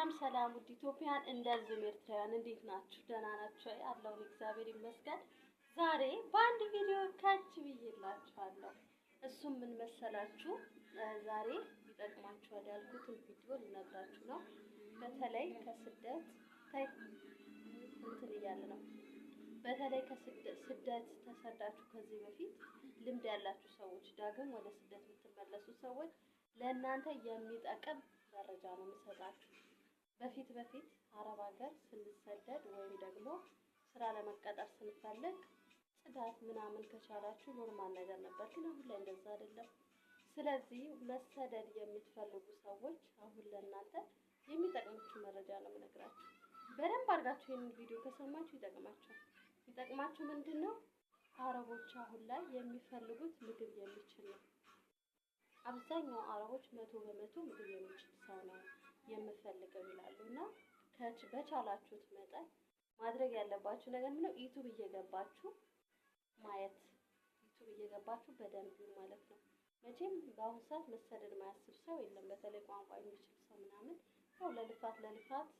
ሰላም ሰላም ውድ ኢትዮጵያን እንደዚሁም ኤርትራውያን እንዴት ናችሁ? ደህና ናችሁ? ያለውን እግዚአብሔር ይመስገን። ዛሬ በአንድ ቪዲዮ ከች ብዬላችኋለሁ። እሱም ምን መሰላችሁ? ዛሬ ይጠቅማችኋል ያልኩትን ቪዲዮ ልነግራችሁ ነው። በተለይ ከስደት እንትን እያለ ነው። በተለይ ከስደት ተሰዳችሁ ከዚህ በፊት ልምድ ያላችሁ ሰዎች፣ ዳግም ወደ ስደት የምትመለሱ ሰዎች ለእናንተ የሚጠቅም መረጃ ነው የምሰጣችሁ። በፊት በፊት አረብ ሀገር ስንሰደድ ወይም ደግሞ ስራ ለመቀጠር ስንፈልግ ጽዳት ምናምን ከቻላችሁ ኖርማል ነገር ነበር፣ ግን አሁን ላይ እንደዛ አይደለም። ስለዚህ መሰደድ የምትፈልጉ ሰዎች አሁን ለእናንተ የሚጠቅማችሁ መረጃ ነው የምነግራችሁ። በደንብ አድርጋችሁ ይህንን ቪዲዮ ከሰማችሁ ይጠቅማችኋል። ይጠቅማችሁ ምንድን ነው? አረቦች አሁን ላይ የሚፈልጉት ምግብ የሚችል ነው። አብዛኛው አረቦች መቶ በመቶ ምግብ የሚችል ሰው ነው። የምፈልገው ይላሉ እና በቻላችሁት መጠን ማድረግ ያለባችሁ ነገር ምንድነው? ዩቱብ እየገባችሁ ማየት ዩቱብ እየገባችሁ በደንብ ማለት ነው። መቼም በአሁኑ ሰዓት መሰደድ ማያስብ ሰው የለም። በተለይ ቋንቋ የሚችል ሰው ምናምን ያው ለልፋት ለልፋት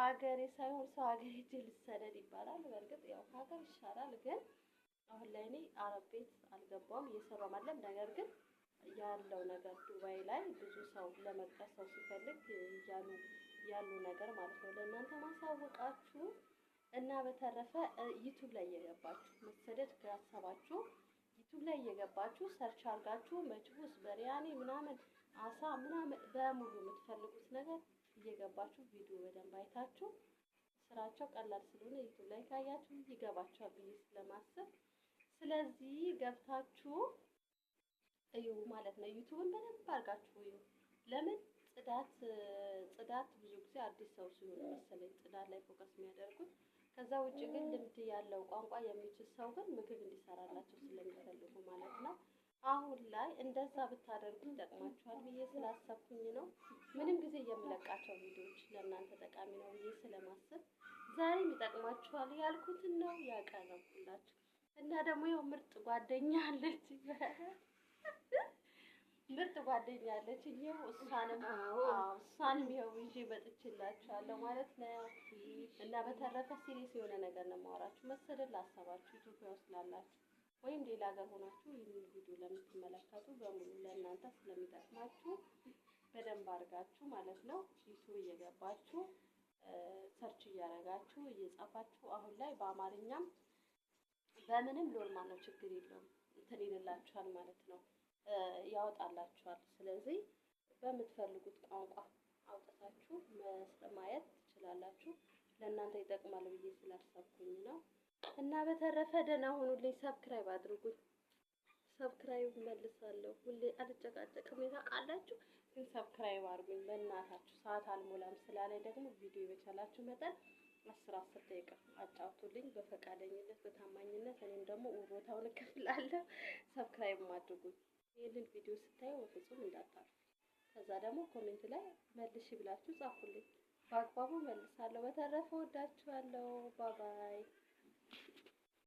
ሀገሬ ሳይሆን ሰው ሀገሬ ልሰደድ ይባላል። በእርግጥ ያው ሀገር ይሻላል፣ ግን አሁን ላይ እኔ አረብ ቤት አልገባውም እየሰራሁ አይደለም ነገር ግን ያለው ነገር ዱባይ ላይ ብዙ ሰው ለመጥቀስ ሰው ሲፈልግ ያሉ ያሉ ነገር ማለት ነው ለእናንተ ማሳወቃችሁ እና በተረፈ ዩቱብ ላይ እየገባችሁ መሰደድ ካሰባችሁ ዩቱብ ላይ እየገባችሁ ሰርች አርጋችሁ መጅቡስ በሪያኒ ምናምን አሳ ምናምን በሙሉ የምትፈልጉት ነገር እየገባችሁ ቪዲዮ በደንብ አይታችሁ ስራቸው ቀላል ስለሆነ ዩቱብ ላይ ካያችሁ ይገባችኋል ብዬ ስለማስብ ስለዚህ ገብታችሁ እዩ ማለት ነው። ዩቱብን በደንብ አድርጋችሁ እዩ። ለምን ጽዳት ጽዳት ብዙ ጊዜ አዲስ ሰው ሲሆን መሰለኝ ጽዳት ላይ ፎከስ የሚያደርጉት። ከዛ ውጭ ግን ልምድ ያለው ቋንቋ የሚችል ሰው ግን ምግብ እንዲሰራላቸው ስለሚፈልጉ ማለት ነው። አሁን ላይ እንደዛ ብታደርጉ ይጠቅማችኋል ብዬ ስላሰብኩኝ ነው። ምንም ጊዜ የምለቃቸው ቪዲዮዎች ለእናንተ ጠቃሚ ነው ብዬ ስለማስብ ዛሬም ይጠቅማችኋል ያልኩትን ነው ያቀረብኩላችሁ እና ደግሞ ያው ምርጥ ጓደኛ አለች ምርጥ ጓደኛ አለችኝ። እሷንም እሷንም ይኸው ይዤ መጥቼላችኋለሁ ማለት ነው። እና በተረፈ ሲሪየስ የሆነ ነገር ነው የማወራችሁ መሰለኝ ላሰባችሁ ኢትዮጵያ ውስጥ ላላችሁ ወይም ሌላ ሀገር ሆናችሁ ይህንን ቪዲዮ ለምትመለከቱ በሙሉ ለእናንተ ስለሚጠቅማችሁ በደንብ አድርጋችሁ ማለት ነው ፊቱ እየገባችሁ ሰርች እያደረጋችሁ እየጻፋችሁ አሁን ላይ በአማርኛም በምንም ኖርማል ነው፣ ችግር የለውም። እንትን ይልላችኋል ማለት ነው፣ ያወጣላችኋል። ስለዚህ በምትፈልጉት ቋንቋ አውጥታችሁ ማየት ትችላላችሁ። ለእናንተ ይጠቅማል ብዬ ስላሰብኩኝ ነው። እና በተረፈ ደህና ሁኑልኝ። ሰብስክራይብ አድርጉኝ። ሰብስክራይብ መልሳለሁ። ሁሌ አልጨቃጨቅም ታውቃላችሁ፣ ግን ሰብስክራይብ አድርጉኝ በእናታችሁ። ሰዓት አልሞላም ስላለኝ ደግሞ ቪዲዮ በቻላችሁ መጠን አስር አስር ደቂቃ አጫውቱልኝ በፈቃደኝነት በታማኝነት እኔም ደግሞ ቦታውን እከፍላለሁ። ሰብስክራይብ አድርጉኝ። ይህንን ቪዲዮ ስታዩ በፍጹም እንዳታልፉ። ከዛ ደግሞ ኮሜንት ላይ መልሽ ብላችሁ ጻፉልኝ። በአግባቡ መልሳለሁ። በተረፈ ወዳችኋለሁ። ባባይ